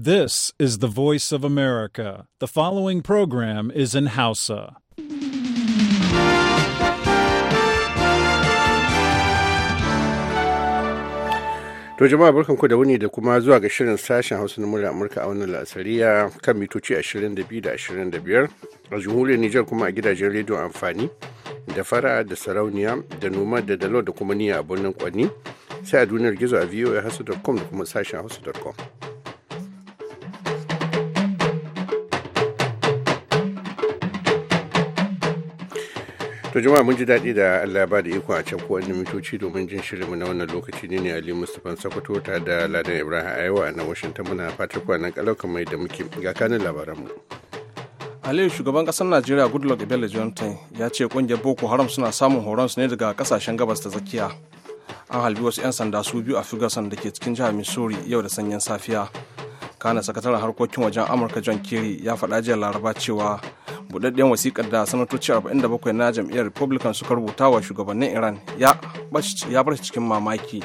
This is the voice of America. The following program is in Hausa. To jama'a barkanku da wuni da kuma zuwa ga shirin sashen Hausa na murya Amurka a wannan lasariya kan mitoci 22 da 25 a jamhuriyar Nijar kuma a gidajen rediyon amfani da fara da sarauniya da noma da dalo da kuma niyya a birnin kwani sai a duniyar gizo a voa hausa.com da kuma sashen hausa.com. To jama'a mun ji daɗi da Allah ba da iko a can ko wani mitoci domin jin shirinmu na wannan lokaci ne ne Ali Mustapha Sokoto ta da Ladan Ibrahim Aiwa na Washington muna fatar nan kalau kamar da muke ga kanin mu. Aliyu shugaban ƙasar Najeriya Goodluck Ebele Jonathan ya ce ƙungiyar Boko Haram suna samun horon ne daga kasashen gabas ta tsakiya. An halbi wasu 'yan sanda su biyu a Ferguson da ke cikin jihar Missouri yau da sanyin safiya. Kana sakataren harkokin wajen Amurka John Kerry ya faɗa jiya Laraba cewa buɗaɗɗen wasikar da sanatoci 47 na jam'iyyar republican suka rubuta wa shugabannin iran ya bar cikin mamaki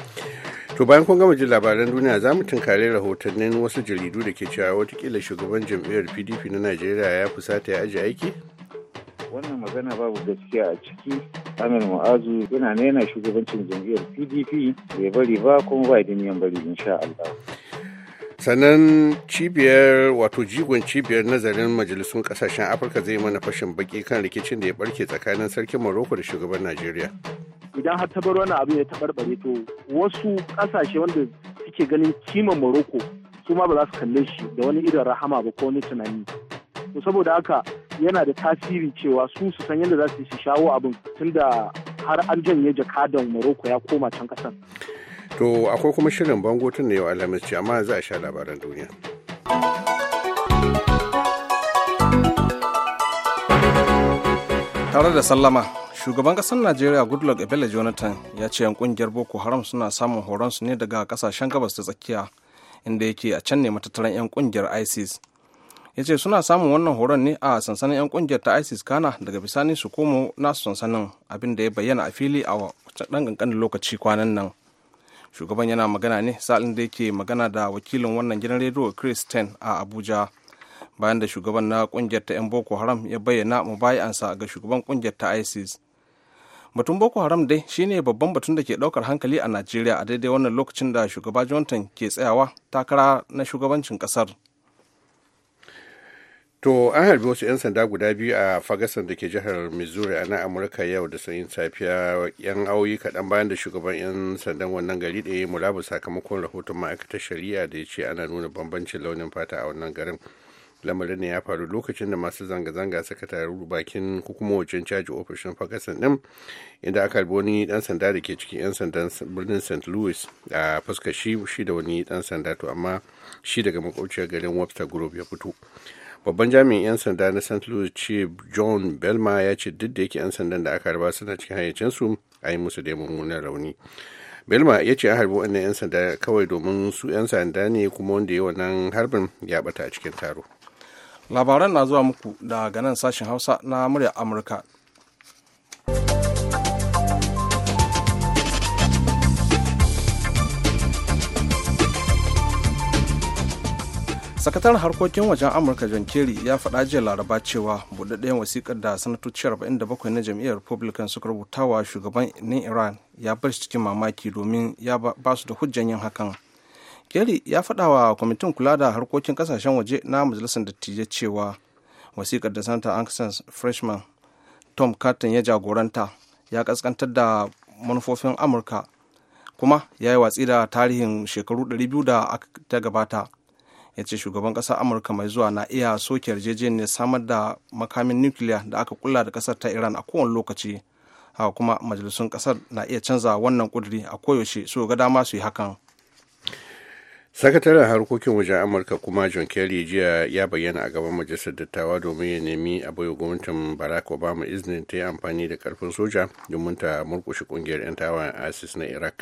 to bayan kun gama jin labaran duniya za mu tunkari rahotannin wasu jaridu da ke cewa watakila shugaban jam'iyyar pdp na najeriya ya fusata ya aji aiki wannan magana babu gaskiya a ciki amir mu'azu yana nena shugabancin jam'iyyar pdp bai bari ba kuma ba idan yan bari insha allah sannan cibiyar wato jigon cibiyar nazarin majalisun kasashen afirka zai mana fashin baki kan rikicin da ya barke tsakanin sarkin Maroko da shugaban najeriya idan har tabar wani abu ya tabarbare to wasu kasashe wanda suke ganin kiman Maroko su ma ba za su kalle shi da wani irin rahama ba ko wani tunani to saboda haka yana da tasiri cewa su su san yadda za su yi shawo abin tunda har an janye jakadan Maroko ya koma can kasan To akwai kuma shirin bango tun da yau alhamis amma za a sha labaran duniya. Tare da sallama, shugaban ƙasar Najeriya Goodluck Ebele Jonathan ya ce 'yan ƙungiyar Boko Haram suna samun horon su ne daga ƙasashen gabas ta tsakiya inda yake a can ne matattaran 'yan ƙungiyar ISIS. Ya ce suna samun wannan horon ne a sansanin 'yan ƙungiyar ta ISIS kana daga bisani su komo nasu sansanin abin da ya bayyana a fili a ɗan ƙanƙanin lokaci kwanan nan. shugaban yana magana ne sa'in da yake magana da wakilin wannan gidan rediyo chris ten a abuja bayan da shugaban na kungiyar ta 'yan boko haram ya bayyana mubayansa ga shugaban kungiyar ta isis batun boko haram dai shine babban batun da ke daukar hankali a najeriya a daidai wannan lokacin da shugaba johnson ke tsayawa takara na shugabancin kasar To an harbi wasu 'yan sanda guda biyu a Ferguson da ke jihar Missouri a nan Amurka yau da sanyin safiya 'yan auyi kaɗan bayan da shugaban 'yan sandan wannan gari da ya mulabu sakamakon rahoton ma'aikatar shari'a da ya ce ana nuna bambancin launin fata a wannan garin. Lamarin ne ya faru lokacin da masu zanga-zanga suka taru bakin kuma caji ofishin Ferguson din inda aka harbi wani ɗan sanda da ke cikin 'yan sandan birnin St. Louis a fuska shi da wani ɗan sanda to amma shi daga makwabciyar garin Webster Grove ya fito. babban jami'in 'yan sanda na st louis chief john belma ya ce duk da yake 'yan sandan da aka harba suna cikin hayyacinsu a yi musu dai mummunan rauni belma ya ce an harbi wannan 'yan sanda kawai domin su 'yan sanda ne kuma wanda ya wannan harbin ya bata a cikin taro labaran na zuwa muku daga nan sashen hausa na murya amurka sakataren harkokin wajen amurka john kerry ya faɗa jiya laraba cewa buɗaɗɗen wasikar da sanatoci 47 na jam'iyyar republican suka rubuta wa shugabannin iran ya bar shi cikin mamaki domin ya ba su da hujjan yin hakan kerry ya faɗa wa kwamitin kula da harkokin kasashen waje na majalisar dattijai cewa wasikar da sanata ankson freshman tom carton ya jagoranta ya kaskantar da manufofin amurka kuma ya yi watsi da tarihin shekaru 200 da ta gabata ya ce shugaban kasar amurka mai zuwa na iya soke yarjejeniyar samar da makamin nukiliya da aka kula da kasar ta iran a kowane lokaci haka kuma majalisun kasar na iya canza wannan kuduri a koyaushe su ga dama su yi hakan sakataren harkokin wajen amurka kuma john kelly jiya ya bayyana a gaban majalisar dattawa domin ya nemi a baiwa gwamnatin barack obama izinin ta yi amfani da karfin soja domin ta murkushe kungiyar 'yan tawayen isis na iraq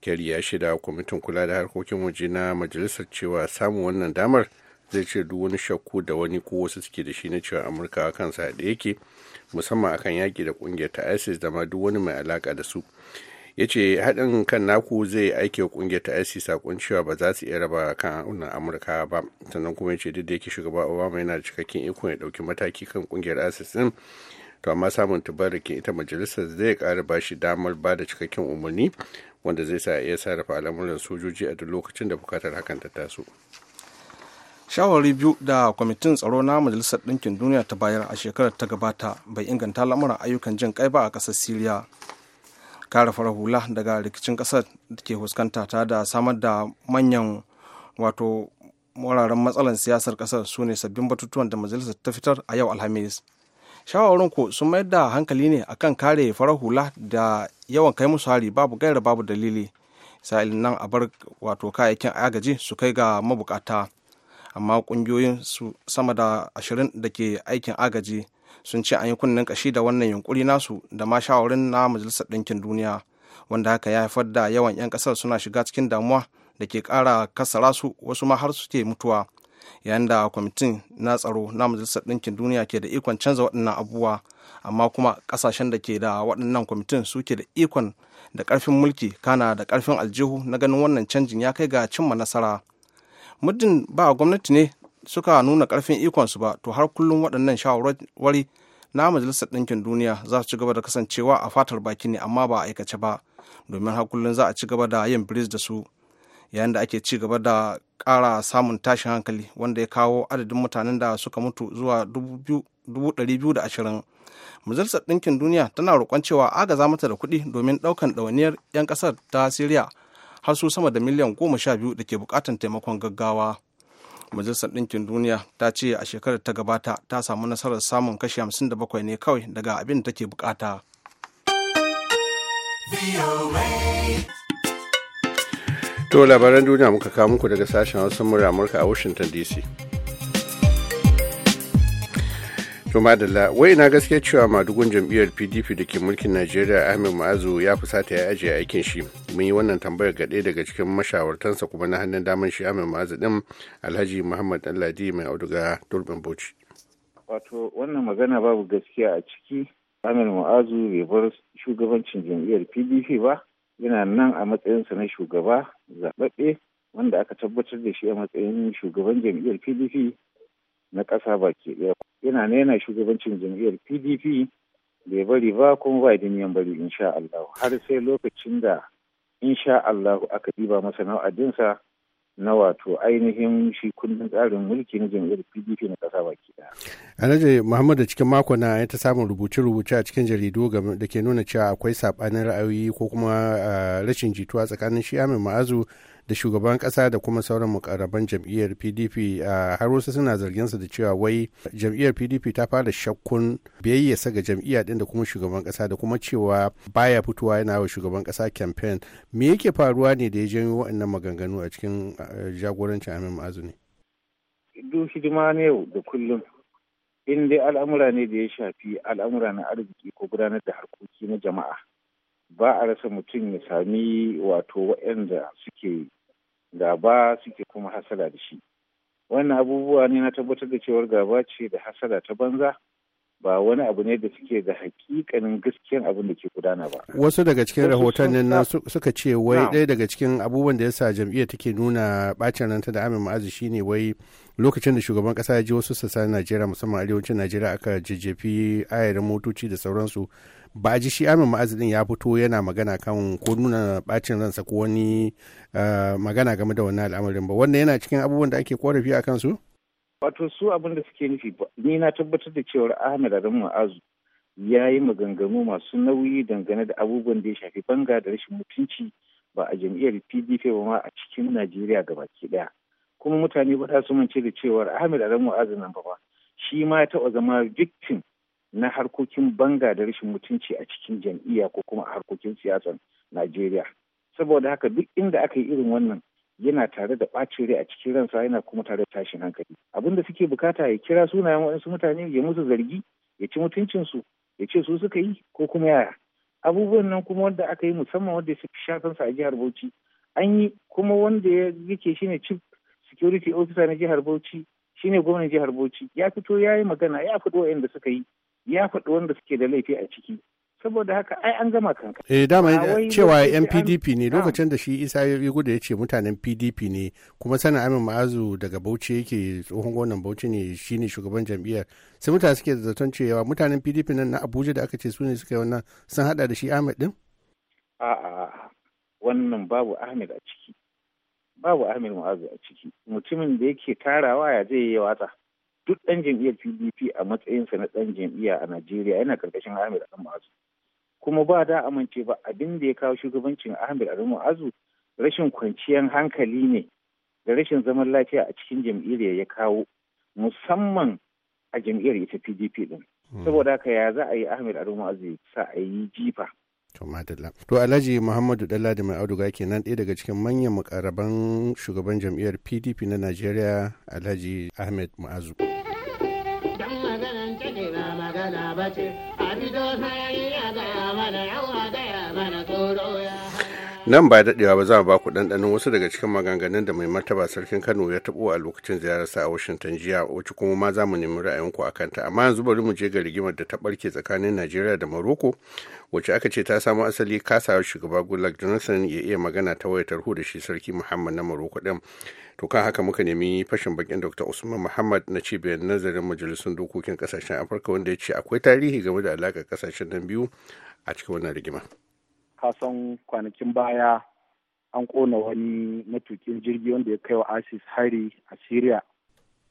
kelly ya shaida kwamitin kula da harkokin waje na majalisar cewa samun wannan damar zai ce duk wani shakku da wani ko wasu suke da shi na cewa amurka kansa da yake musamman akan yaki da kungiyar ta isis da ma duk wani mai alaka da su ya ce haɗin kan naku zai aike ƙungiyar ta ic sakon cewa ba za su iya raba kan wannan amurka ba sannan kuma ya ce duk da yake shugaba obama yana da cikakken ikon ya ɗauki mataki kan ƙungiyar isis din to amma samun tabarikin ita majalisar zai ƙara ba shi damar ba da cikakken umarni wanda zai sa iya sarrafa al'amuran sojoji a duk lokacin da bukatar hakan ta taso shawarwari biyu da kwamitin tsaro na majalisar ɗinkin duniya ta bayar a shekarar ta gabata bai inganta lamuran ayyukan jin kai ba a ƙasar siriya kare farar hula daga rikicin kasar da ke fuskanta ta da samar da manyan wato wuraren matsalar siyasar kasar su ne sabbin batutuwan da majalisar ta fitar a yau alhamis shawarwarin ku sun mayar da hankali ne akan kare farar hula da yawan kai musu hari babu gaira babu dalili sa'ilin nan a bar wato kayayyakin agaji su kai ga mabukata amma kungiyoyin su sama da ashirin da ke aikin agaji sun ce an yi kunnen kashi da wannan yunkuri nasu da ma shawarin na majalisar ɗinkin duniya wanda haka ya haifar da yawan 'yan ƙasar suna shiga cikin damuwa da ke ƙara kasara su wasu ma har suke mutuwa yayin da kwamitin na tsaro na majalisar ɗinkin duniya ke da ikon canza waɗannan abubuwa amma kuma ƙasashen da ke da waɗannan kwamitin suke da ikon da ƙarfin mulki kana da ƙarfin aljihu na ganin wannan canjin ya kai ga cimma nasara muddin ba gwamnati ne suka nuna karfin ikonsu ba to har kullum waɗannan shawarwari na majalisar ɗinkin duniya za su ci gaba da kasancewa a fatar baki ne amma ba a aikace ba domin har kullum za a ci gaba da yin biris da su yayin da ake ci gaba da ƙara samun tashin hankali wanda ya kawo adadin mutanen da suka mutu zuwa 220 majalisar ɗinkin duniya tana roƙon cewa agaza mata da kuɗi domin ɗaukan ɗawainiyar 'yan ƙasar ta siriya har su sama da miliyan goma sha biyu da ke buƙatan taimakon gaggawa majalisar ɗinkin duniya ta ce a shekarar ta gabata ta samu nasarar samun kashi 57 ne kawai daga abin da take bukata. To labaran duniya muka kawo muku daga sashen wasu murya Amurka a Washington DC. to madalla wai ina gaske cewa madugun jam'iyyar pdp da ke mulkin najeriya ahmed ma'azu ya fusata ya ajiye aikin shi mun yi wannan tambayar ga ɗaya daga cikin mashawartansa kuma na hannun daman shi ahmed ma'azu din alhaji muhammad alladi mai auduga durbin bauchi wato wannan magana babu gaskiya a ciki ahmed ma'azu bai bar shugabancin jam'iyyar pdp ba yana nan a matsayinsa na shugaba zaɓaɓɓe wanda aka tabbatar da shi a matsayin shugaban jam'iyyar pdp na ƙasa baki ɗaya yana na shugabancin jam'iyyar pdp bai bari ba kuma ba idan yan bari insha Allah har sai lokacin da insha allahu aka diba masa nau'adinsa na wato ainihin shi kundin tsarin mulki na jam'iyyar pdp na kasa baki daya. alhaji muhammad da cikin mako na ya ta samun rubuce-rubuce a cikin jaridu da ke nuna cewa akwai saɓanin ra'ayoyi ko kuma ah, rashin jituwa tsakanin shi amin ma'azu da shugaban kasa da kuma sauran mukarraban jam'iyyar pdp har wasu suna zarginsa da cewa wai jam'iyyar pdp ta fara shakkun biyayya saga jam'iyya din da kuma shugaban kasa da kuma cewa baya fitowa yana wa shugaban kasa campaign me yake faruwa ne da ya janyo waɗannan maganganu a cikin jagorancin amin ma'azu ne duk hidima ne da kullum in dai al'amura ne da ya shafi al'amura na arziki ko gudanar da harkoki na jama'a ba a rasa mutum ya sami wato waɗanda suke gaba suke kuma hasala da shi wannan abubuwa ne na tabbatar da cewar gaba ce da hasala ta banza ba wani abu ne da suke ga hakikanin gaskiyan abin da ke gudana ba. Wasu daga cikin rahoton nan suka ce wai ɗaya daga cikin abubuwan da yasa jam'iyyar take nuna bacin ranta da amin ma'azu ne wai lokacin da shugaban kasa ya je wasu sassa na Najeriya musamman arewacin Najeriya aka jajjefi ayarin motoci da sauransu ba ji shi amin ma'azu din ya fito yana magana kan ko nuna bacin ransa ko wani eh, magana game da wannan al'amarin ba wannan yana cikin abubuwan da ake korafi a kansu? wato su abin da suke nufi ni na tabbatar da cewar ahmed adamu ma'azu ya yi maganganu masu nauyi dangane da abubuwan da ya shafi banga da rashin mutunci ba a jam'iyyar pdp ba ma a cikin najeriya gabaki daya kuma mutane ba su mance da cewar ahmed adamu ma'azu nan ba shi ma ya taɓa zama victim na harkokin banga da rashin mutunci a cikin jam'iyya ko kuma harkokin siyasar najeriya saboda haka duk inda aka yi irin wannan yana tare da ɓacin rai a cikin ransa yana kuma tare da tashin hankali abin da suke bukata ya kira sunayen waɗansu mutane ya musu zargi ya ci mutuncinsu ya ce su suka yi ko kuma yaya abubuwan nan kuma wanda aka yi musamman wanda ya fi shafansa a jihar bauchi an yi kuma wanda yake shine chief security officer na jihar bauchi shine gwamnan jihar bauchi ya fito ya yi magana ya faɗi waɗanda suka yi ya faɗi wanda suke da laifi a ciki saboda haka ai an gama kanka. Eh dama cewa yan PDP ne lokacin da shi Isa ya gudu ya ce mutanen PDP ne kuma sanin Amin Ma'azu daga Bauchi yake tsohon gwamnan Bauchi ne shine shugaban jam'iyyar sai mutane suke zaton cewa mutanen PDP nan na Abuja da aka ce su ne suka yi wannan sun hada da shi Ahmed din? A'a wannan babu Ahmed a ciki. Babu Ahmed Ma'azu a ciki. Mutumin da yake tarawa ya zai yi watsa. Duk ɗan jam'iyyar PDP a matsayinsa na ɗan jam'iyya a Najeriya yana ƙarƙashin Ahmed Ma'azu. kuma ba da amince ba abin da ya kawo shugabancin ahmed adamu azu rashin kwanciyar hankali ne da rashin zaman lafiya a cikin jam'iyyar ya kawo musamman a jam'iyyar ita pdp din hmm. saboda haka ya za a yi ahmed adamu azu sa a yi jifa To Alhaji Muhammadu Dalladi mai auduga kenan ɗaya daga cikin manyan mukarraban shugaban jam'iyyar PDP na Najeriya Alhaji Ahmed Mu'azu. nan ba daɗewa ba za mu ba ku ɗanɗanin wasu daga cikin maganganun da mai martaba sarkin kano ya taɓo a lokacin ziyararsa a washington jiya wacce kuma ma za mu nemi ra'ayinku a kanta amma yanzu bari mu je ga rigimar da ta ɓarke tsakanin najeriya da maroko wacce aka ce ta samo asali kasawa shugaba goodluck jonathan ya iya magana ta wayar tarho da shi sarki muhammad na maroko ɗin to kan haka muka nemi fashin bakin dr usman muhammad na cibiyar nazarin majalisun dokokin kasashen afirka wanda ya ce akwai tarihi game da alaƙar kasashen nan biyu a cikin wannan rigima. kasan kwanakin baya an kona wani matukin jirgi wanda ya kai wa isis hari a syria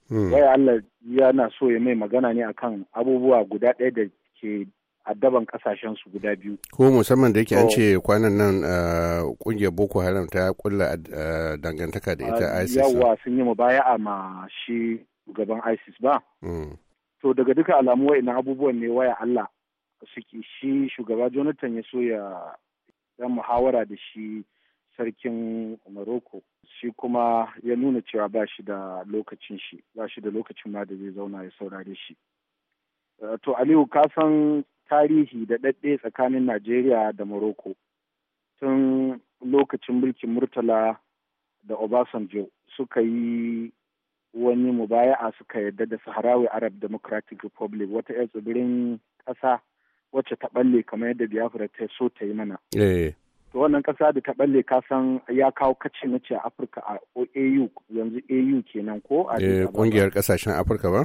hmm. waya allah yana so ya mai magana ne akan abubuwa guda ɗaya da ke addaban kasashen su guda biyu ko musamman da yake an ce kwanan nan kungiyar uh, boko haram ta kulla uh, dangantaka da ita ah, isis Yawwa sun yi a ma shi gaban isis ba hmm. to daga duka alamu wa'ina abubuwan ne waya allah suke shi shugaba jonathan ya so ya ɗan muhawara da shi sarkin Maroko. shi kuma ya nuna cewa ba shi da lokacin shi ba shi da lokacin ma da zai zauna ya saurare shi eh, to Aliyu ka san tarihi da ɗaɗɗe tsakanin Najeriya da Maroko tun lokacin mulkin Murtala da Obasanjo suka yi wani mubaya'a suka yarda da saharawi Arab Democratic Republic wata 'yan tsibirin ƙasa wacce ta balle kamar yadda Biafra ta so ta yi mana. Eh. To wannan ƙasa da ta balle ka san ya kawo kaci na ce Afirka a AU yanzu AU kenan ko a eh, ƙungiyar ƙasashen Afirka ba?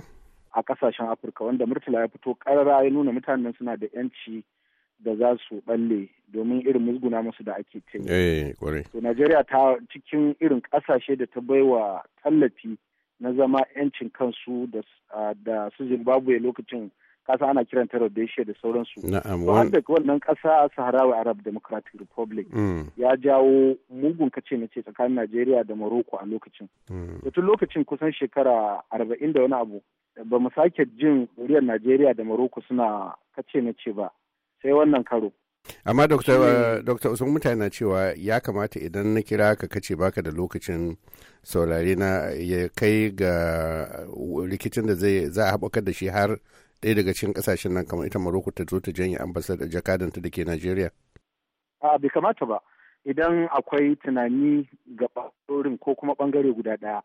A ƙasashen Afirka wanda Murtala ya fito ƙarara ya nuna mutanen suna da 'yanci da za su balle domin irin musguna masu da ake ta yi. Eh, to Najeriya ta cikin irin ƙasashe da ta baiwa tallafi na zama 'yancin kansu ah, da su Zimbabwe lokacin kasa ana kiran kiranta Rhodesia da sauransu. Na'am. Har wannan kasa Saharawi Arab Democratic Republic mm. ya jawo mugun kace na ce tsakanin Najeriya da Morocco a lokacin. Da mm. tun lokacin kusan shekara arba'in da wani abu ba mu sake jin muryar Najeriya da Morocco suna kace na ce ba sai wannan karo. amma dr uh, usman mutane na cewa ya kamata idan na kira ka kace baka da lokacin saurare na ya kai ga uh, rikicin da za a haɓaka da shi har ɗaya daga cikin ƙasashen nan kamar ita Morocco ta zo ta janye da jakadanta da ke Najeriya? A bai kamata ba idan akwai tunani ga ɓangarorin ko kuma ɓangare guda ɗaya.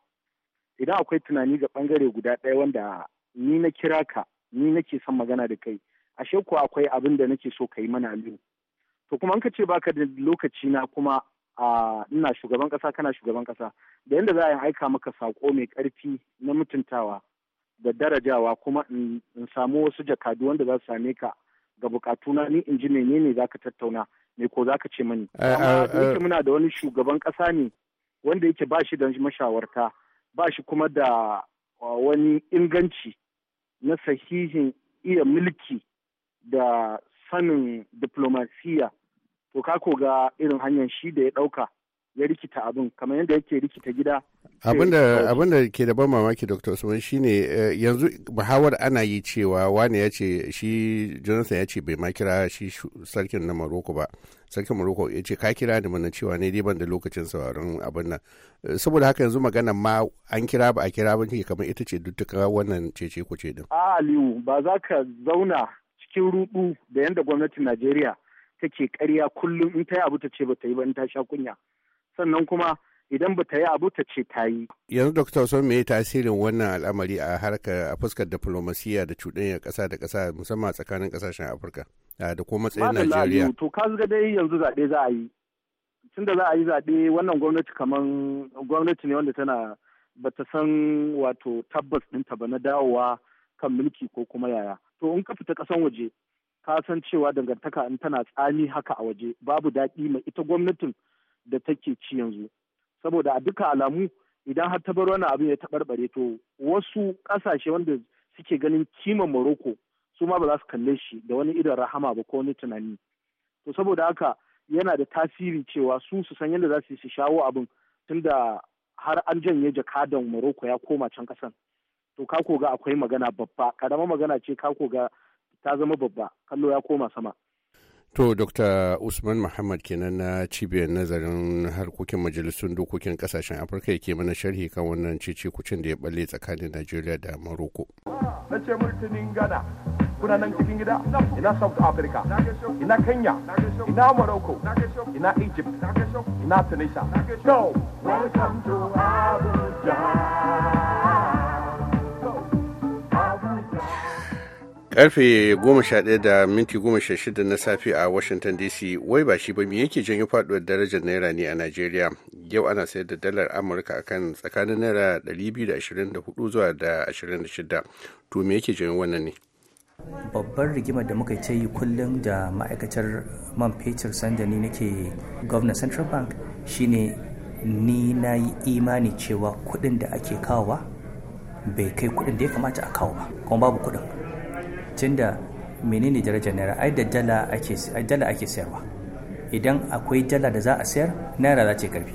Idan akwai tunani ga ɓangare guda ɗaya wanda ni na kira ka ni nake son magana da kai ashe ko akwai abin da nake so ka yi mana alu. to kuma an ka ce baka da lokaci na kuma a ina shugaban kasa kana shugaban kasa da yanda za a yi aika maka sako mai karfi na mutuntawa da darajawa kuma in samu wasu jakadu wanda za su same ka ga bukatuna ni in ji ne ne za ka tattauna me ko za ka ce mani. Eh, Amma eh, eh. muna da wani shugaban ƙasa ne wanda yake ba shi da mashawarta ba shi kuma da wani inganci na sahihin iya mulki da sanin diplomasiya to ka ga irin hanyar shi da ya ɗauka ya rikita abin kamar yadda yake rikita gida abin da ke da ban mamaki dr usman shine eh, yanzu muhawar ana yi cewa wani ya ce shi jonathan ya ce bai ma kira shi sarkin na maroko ba sarkin maroko ya ce ka kira da mana cewa ne ban da lokacin sauran abin nan eh, saboda haka yanzu magana ma an kira ba a kira ba ne kamar ita ce duka wannan cece ku ce din a aliyu ba za ka zauna cikin rudu da yadda gwamnatin najeriya take karya kullum in ta yi abu ta ce ba ta yi ba in ta sha kunya sannan kuma idan ba ta yi abu ta ce ta yi. Yanzu Dokta Usman me tasirin wannan al'amari a harkar a fuskar diplomasiya da cuɗanya ƙasa da ƙasa musamman a tsakanin ƙasashen Afirka da kuma matsayin Najeriya. To ka ga dai yanzu zaɓe za a yi. Tun za a yi zaɓe wannan gwamnati kaman gwamnati ne wanda tana ba ta san wato tabbas ɗinta ba na dawowa kan mulki ko kuma yaya. To in ka fita ƙasan waje ka san cewa dangantaka in tana tsami haka a waje babu daɗi mai ita gwamnatin da take ci yanzu. saboda a duka alamu idan har ta bar wani abin ya taɓarɓare to wasu ƙasashe wanda suke ganin kiman Morocco su ma ba za su kalle shi da wani idon rahama ba ko wani tunani to saboda haka yana da tasiri cewa su su san yadda za su yi su shawo abin tunda har an janye jakadan Morocco ya koma can kasan to ka koga akwai magana babba karama magana ce ka koga ta zama babba kallo ya koma sama To, Dr. Usman Muhammad kenan na cibiyar nazarin harkokin majalisun dokokin kasashen Afirka yake mana sharhi kan wannan cece kucin da ya balle tsakanin Najeriya da Maroko. Na ce martinin Ghana, kuna nan cikin gida, ina South Africa, ina Kenya, ina Morocco, ina Egypt, ina Tunisia. Go, welcome to Abuja. karfe 11 da minti 16 na safe a washington dc wai ba shi ba me yake janyo faduwar darajar naira ne a nigeria yau ana sayar da dalar amurka akan tsakanin naira 224 zuwa da 26 to me yake janyo wannan ne babbar rigimar da muka ta yi kullum da ma'aikatar man fetur sanda ni nake gwamnan central bank shine ni na yi imani cewa kudin da ake kawowa bai kai kudin da ya kamata a kawo ba kuma babu kudin tunda menene darajar naira ai da dala ake sayarwa idan akwai dala da za a sayar naira za ce karfi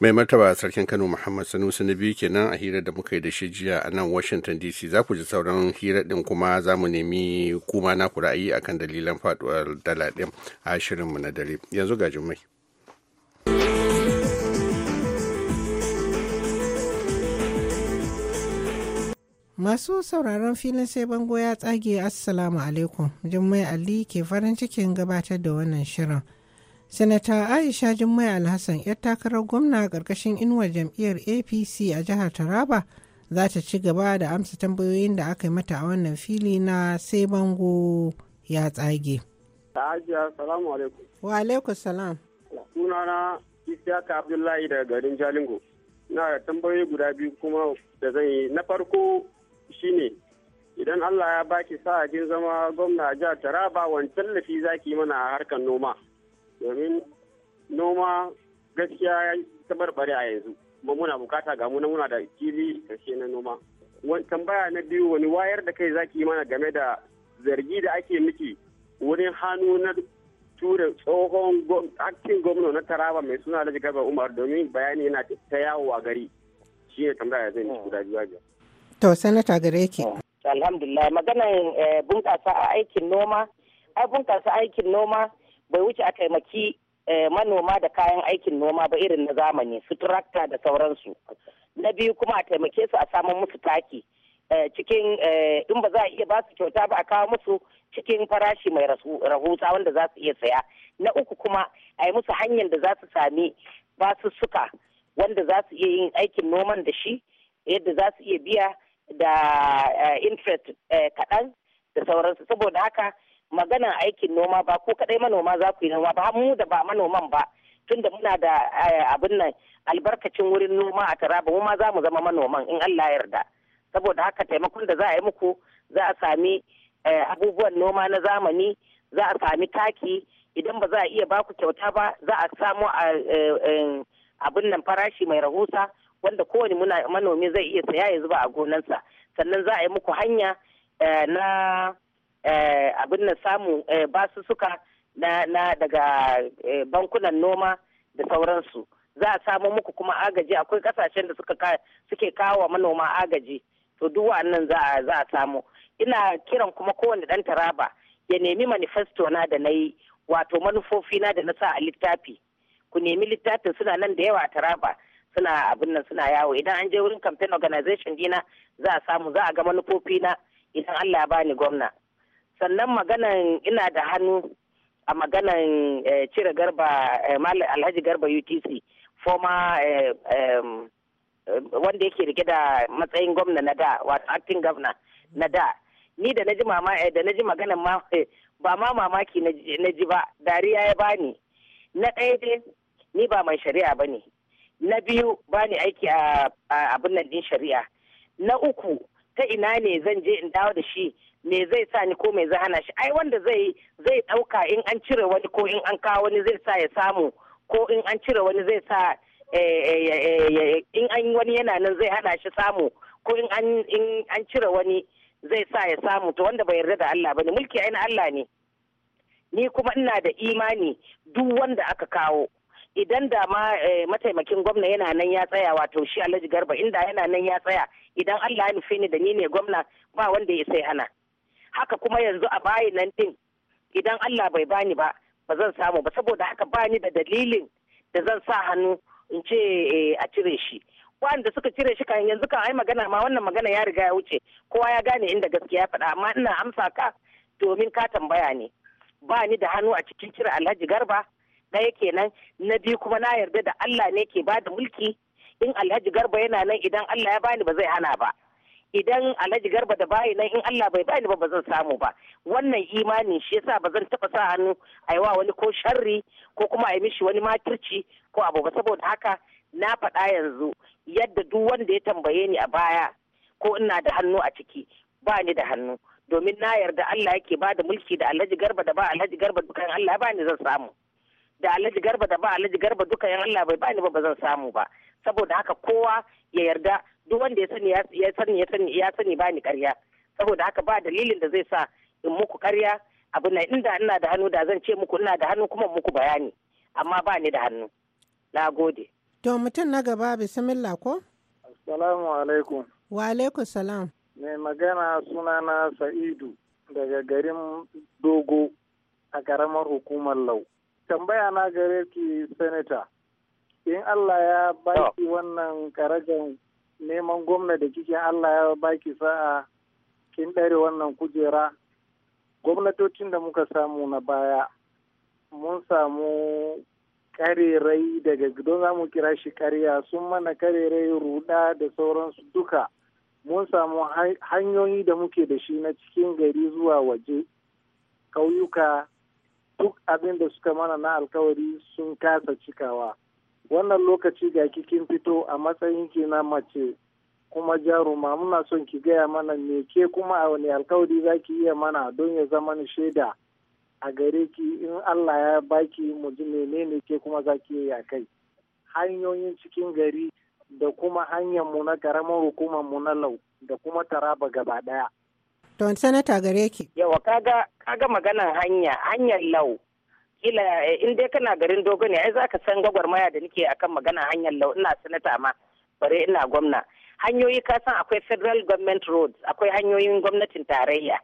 mai martaba sarkin kano muhammad sanusi na biyu kenan a hirar da muka yi da shi jiya a nan washington dc za ku ji sauran hirar din kuma za mu nemi kuma na ku ra'ayi akan dalilan faduwar dala din a shirinmu na dare yanzu ga jummai Masu sauraron filin sai bango ya tsage Assalamu alaikum. Jummai Ali ke farin cikin gabatar da wannan shirin. Sanata Aisha Jummai Alhassan yar takarar gwamna a ƙarƙashin inuwar jam'iyyar APC a jihar Taraba za ta ci gaba da amsa tambayoyin da aka yi mata a wannan fili na sai bango ya tsage. daga garin Jalingo. Na da tambayoyi guda biyu kuma da zan yi. Na farko shine idan Allah ya baki sa'adin zama gwamna jihar Taraba wani tallafi zaki mana a harkar noma domin noma gaskiya ya tabarbare a yanzu kuma muna bukata ga muna muna da fili karshe na noma tambaya na biyu wani wayar da kai zaki mana game da zargi da ake miki wurin hannu na tura tsohon aktin gwamna na taraba mai suna da umar domin bayani yana ta yawo a gari shi ne tambaya zai guda biyu To, Sanata gare ki. Alhamdulillah, maganar eh, bunƙasa a aikin noma, ai bunƙasa aikin noma bai wuce a taimaki eh, manoma da kayan aikin noma ba irin na zamani, su turakta da sauransu. Na biyu kuma a taimake su a samun musu taki. Eh, cikin in ba za a iya ba su kyauta ba a kawo musu cikin farashi mai rahusa wanda za su iya saya na uku kuma a yi musu hanyar da za su sami basussuka wanda za su iya yin aikin noman da shi yadda za su iya biya da eh, interest eh, kaɗan da sauransu saboda haka maganan aikin noma ba ko kaɗai manoma za ku yi noma ba mu da ba manoman ba tunda muna da eh, abin nan albarkacin wurin noma a taraba mu ma za mu zama manoman in Allah yarda saboda haka taimakon da za a yi muku za a sami abubuwan noma na zamani za a sami taki idan ba za a iya baku kyauta ba za a samu abin nan farashi mai rahusa wanda kowane manomi zai iya saya ya zuba a gonansa sannan za a yi muku hanya eh, na eh, abin na samu eh, basussuka na daga bankunan noma da sauransu za a samu muku kuma agaji akwai kasashen da suke kawo wa manoma agaji to duk wa'annan za a samu ina kiran kuma kowane ɗan taraba ya nemi manifesto na da na yi wato manufofi na da na sa a littafi ku nemi littafin suna nan da yawa a taraba suna abin nan suna yawo idan an je wurin campaign organization dina za a samu za a ga manufofi na idan Allah ya bani gwamna sannan maganan ina da hannu a maganan eh, cire garba eh, alhaji garba utc former eh, wanda yake rike da matsayin gwamna na da wato acting governor na da ni da naji mama da naji maganan ma ba ma mamaki na ji ba dariya ya bani na ɗaya dai ni ba mai shari'a ba ne na biyu ba ni aiki a abin nan din shari'a na uku ta ina ne zan je in dawo da shi me zai sa ni ko me zai hana shi ai wanda zai zai dauka in an cire wani ko in an kawo wani zai sa ya samu ko in an cire wani zai sa eh, eh, in an wani yana nan zai hana shi samu ko in an cire wani zai sa ya samu to wanda bai yarda da Allah bane mulki ai na Allah ne ni kuma ina da imani duk wanda aka kawo idan da ma eh, mataimakin gwamna yana nan ya tsaya wato shi Alhaji Garba inda yana nan ya tsaya idan Allah ya nufi ni da ni ne gwamna ba wanda ya sai hana haka kuma yanzu a bayi nan din idan Allah bai bani ba ba zan samu ba saboda haka bani da dalilin da zan sa hannu in ce eh, a cire shi wanda suka cire shi kan yanzu kan ai magana ma wannan magana ya riga ya wuce kowa ya gane inda gaskiya ya faɗa amma ina amsa ka domin ka tambaya ne Bani da hannu a cikin cire Alhaji Garba ɗaya kenan na biyu kuma na yarda da Allah ne ke bada mulki in Alhaji Garba yana nan idan Allah ya bani ba zai hana ba idan Alhaji Garba da bayi nan in Allah bai bani ba ba zan samu ba wannan imani shi yasa ba zan taba sa hannu a wa wani ko sharri ko kuma a yi mishi wani matirci ko abu ba saboda haka na faɗa yanzu yadda duk wanda ya tambaye ni a baya ko ina da hannu a ciki ba ni da hannu domin na yarda Allah yake ba da mulki da Alhaji Garba da ba Alhaji Garba dukan Allah ba ni zan samu. da alhaji garba da ba alhaji garba duka yan Allah bai bani ba ba zan samu ba saboda haka kowa ya yarda duk wanda ya sani ya sani ya sani ya sani bani ƙarya saboda haka ba dalilin da zai sa in muku ƙarya abu na inda ina da hannu da zan ce muku ina da hannu kuma muku bayani amma ba ni da hannu na gode to mutum na gaba bismillah ko assalamu alaikum wa alaikum salam mai magana sunana sa'idu daga garin dogo a karamar hukumar lau tambaya na gare ki senator in Allah ya baki ah. wannan karajan neman gwamna da kike Allah ya baki sa'a kin ɗare wannan kujera gwamnatocin da muka samu na baya mun samu karerai daga don za mu kira shi karya sun mana karerai ruda da sauransu duka mun samu hanyoyi da muke da shi na cikin gari zuwa waje ƙauyuka duk abin da suka mana na alkawari sun kasa cikawa wannan lokaci ga kikin fito a matsayin ki na mace kuma jaruma muna son ki gaya mana me ke kuma a wani alkawari za ki iya mana don ya zama ni shaida a gare ki in Allah ya baki mu ji menene ke kuma za ki yi a kai hanyoyin cikin gari da kuma hanyar mu na karamar hukumar mu na lau da kuma taraba gaba daya Don sanata gare ki. Yawa kaga kaga maganan hanya hanyar lau. Kila eh, in dai kana garin dogo ne ai zaka san gwagwarmaya da nake akan maganan hanyar lau ina sanata ma bare ina gwamna. Hanyoyi ka san akwai federal government roads akwai hanyoyin gwamnatin tarayya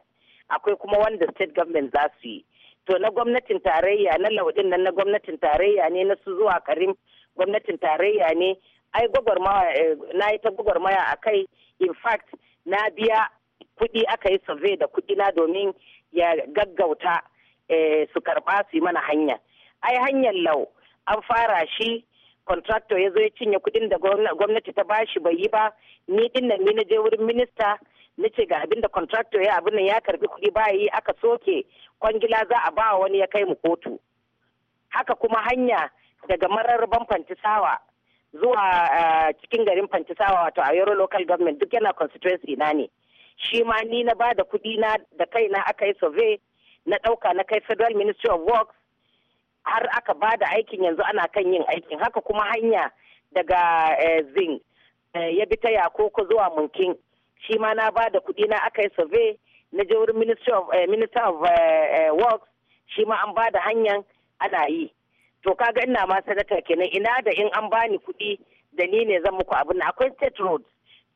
akwai kuma wanda state government za su yi. To na gwamnatin tarayya na laudin nan na gwamnatin tarayya ne na su zuwa karim gwamnatin tarayya ne ai gwagwarmaya eh, na yi ta gwagwarmaya a kai in fact na biya kuɗi aka yi survey da na domin ya gaggauta eh, su karɓa su yi mana hanya ai hanyar lau an fara shi contractor ya zo ya cinye kuɗin da gwamnati ta bashi bai yi ba ni din nan na je wurin minista na ce ga abin da contractor ya abin nan ya karbi kuɗi ba yi aka soke kwangila za a ba wani ya kai mu kotu haka kuma hanya daga mararraban fantisawa zuwa eh, cikin garin fantisawa wato a yoro local government duk yana constituency na ne shi ma ni na ba da kuɗi na da kai na aka yi survey na dauka na kai federal ministry of works har aka ba da aikin yanzu ana kan yin aikin haka kuma hanya daga eh, zin eh, ya bi ta ko zuwa munkin shi ma na ba da kuɗi na aka yi survey na je wurin eh, minister of works shi ma an ba da hanyar ana yi to kaga ina ma sadaka kenan ina da in an bani kudi da ni ne zan muku abin akwai state road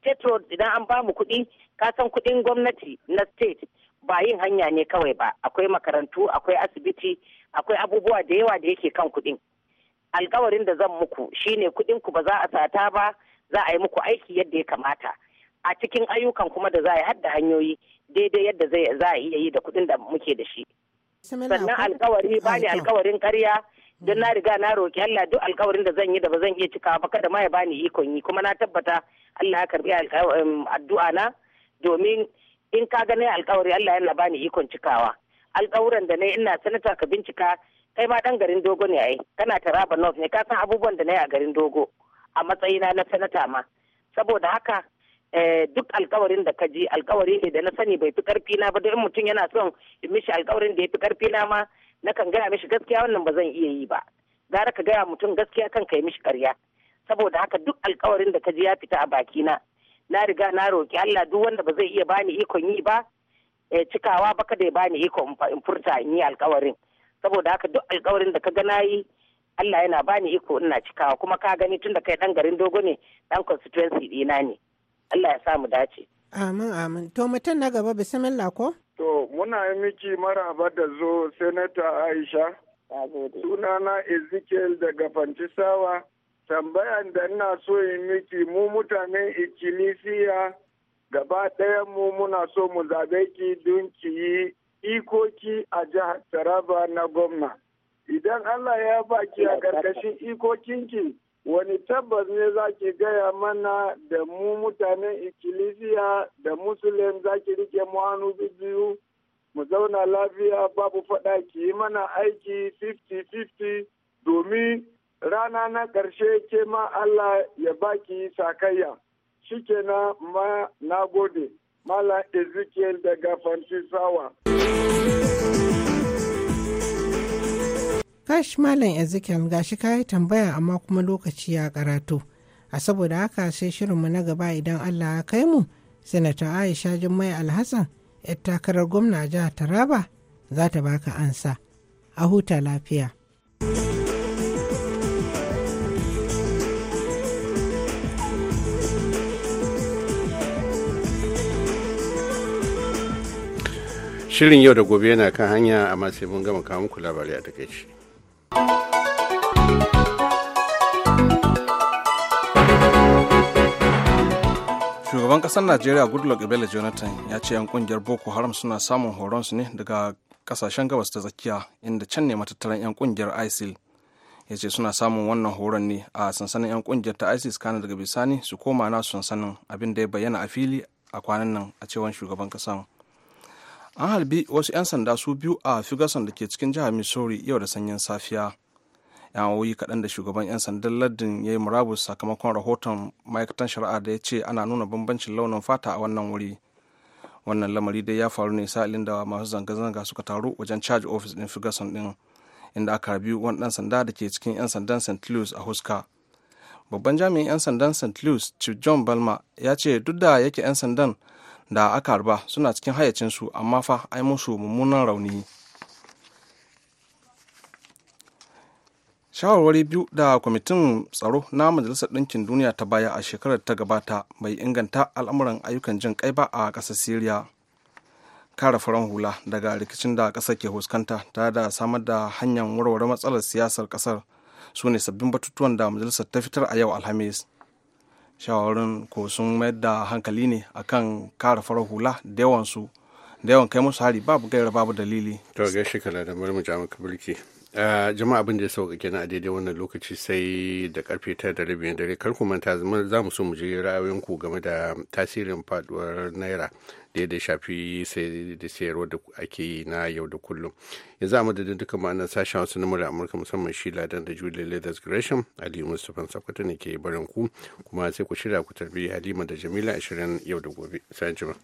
state road idan an ba mu kuɗi ka san kuɗin gwamnati na state ba yin hanya ne kawai ba akwai makarantu akwai asibiti akwai abubuwa da yawa da yake kan kuɗi alkawarin da zan muku shine kuɗin ku ba za a sata ba za a yi muku aiki yadda ya kamata a cikin ayyukan kuma da za a yi hadda hanyoyi daidai yadda za a iya yi da kuɗin da muke da shi sannan alkawari ah, ba ne alkawarin karya hmm. don na riga na roƙi Allah duk alkawarin da zan yi da ba zan iya cikawa ba kada ma ya bani ikon yi kuma na tabbata Allah ya karbi addu'a na domin in ka ga nai alkawari Allah yana bani ikon cikawa alkawuran da nayi ina sanata ka bincika kai ma dan garin dogo ne ai kana ta raba north ne ka san abubuwan da nai a garin dogo a matsayina na sanata ma saboda haka eh, duk alkawarin da ka ji alkawari ne da na sani bai fi karfi na ba don mutum yana son in mishi alkawarin da ya fi karfi na ma na kan gaya mishi gaskiya wannan ba zan iya yi ba gara ka gaya mutum gaskiya kan ka yi mishi karya saboda haka duk alkawarin da ka ji ya fita a baki na. na riga na roƙi Allah duk wanda ba zai iya bani ikon yi ba eh, cikawa ba kada ya bani iko in furta in yi alkawarin saboda haka duk alkawarin da ka ga yi Allah yana bani iko ina cikawa kuma ka gani tun da kai dan garin dogo ne dan constituency dina ne Allah ya sa mu dace amin amin to mutum na gaba bismillah ko to muna yi miki maraba da zo senator Aisha sunana Ezekiel daga Fantisawa tambayan da ina so yi miki mu mutanen ikilisiya gaba ɗaya mu muna so mu zabe ki don ki yi ikoki a jihar taraba na gwamna idan allah ya baki a ƙarƙashin ikokinki wani tabbas ne za ki gaya mana da mu mutanen ikilisiya da musulun za ki rike mu hannu biyu mu zauna lafiya babu faɗa ki yi mana aiki 50-50 domin rana na ƙarshe ke ma Allah ya baki sakayya shikenan ma na gode Malam Ezekiel daga Fantisawa. Kash Malam Ezekiel gashi ka yi tambaya amma kuma lokaci ya karatu. A saboda haka sai shirinmu na gaba idan Allah ya kai mu, Sanata Aisha Jummai Alhassan, 'yar takarar gwamna jihar Taraba, za ta baka ansa. A huta lafiya. Shirin yau da gobe yana kan hanya amma sai mun gama kawo muku labari a takaici. Shugaban kasar Najeriya Goodluck ibele Jonathan ya ce 'yan kungiyar Boko Haram suna samun horonsu ne daga kasashen gabas ta tsakiya inda can ne matattaran 'yan kungiyar ISIL. ya ce suna samun wannan horon ne a sansanin 'yan kungiyar ta isis kana daga bisani su koma nasu sansanin abin da ya bayyana a fili a kwanan nan a cewan shugaban kasar. an harbi wasu 'yan sanda su biyu a figason da ke cikin jihar missouri yau da sanyin safiya yan awoyi kaɗan da shugaban 'yan sandan lardin ya yi murabus sakamakon rahoton ma'aikatan shari'a da ya ce ana nuna bambancin launin fata a wannan wuri wannan lamari dai ya faru ne sa'ilin da masu zanga-zanga suka taru wajen charge office din figason din inda aka harbi wani ɗan sanda da ke cikin 'yan sandan st louis a huska babban jami'in 'yan sandan st louis chief john balma ya ce duk da yake 'yan sandan da aka harba suna cikin hayyacinsu amma fa ai musu mummunan rauni shawarwari biyu da kwamitin tsaro na majalisar ɗinkin duniya ta baya a shekarar ta gabata bai inganta al'amuran ayyukan jin kai ba a ƙasar syria kare faran hula daga rikicin da ƙasar ke huskanta tare da samar da hanyar warware matsalar siyasar ƙasar su ne sabbin batutuwan da majalisar ta fitar a yau alhamis shawarin ko sun mayar da hankali ne akan kara farar hula da su da yawan kai musu hari babu gaira babu dalili to gaishe kala da murmuja maka bulki jama'a abin da ya sauka kenan a daidai wannan lokaci sai da karfe tara da rabin dare kar ku manta za mu so mu je ra'ayoyinku game da tasirin faduwar naira da ya shafi sai da sayarwa da ake yi na yau da kullum yanzu a madadin duka ma'anar sashen wasu namar amurka musamman shi ladan da juli leathers gresham ali mustapha sakwata ne ke barin ku kuma sai ku shirya ku tarbi halima da jamila ashirin yau da gobe sai jima.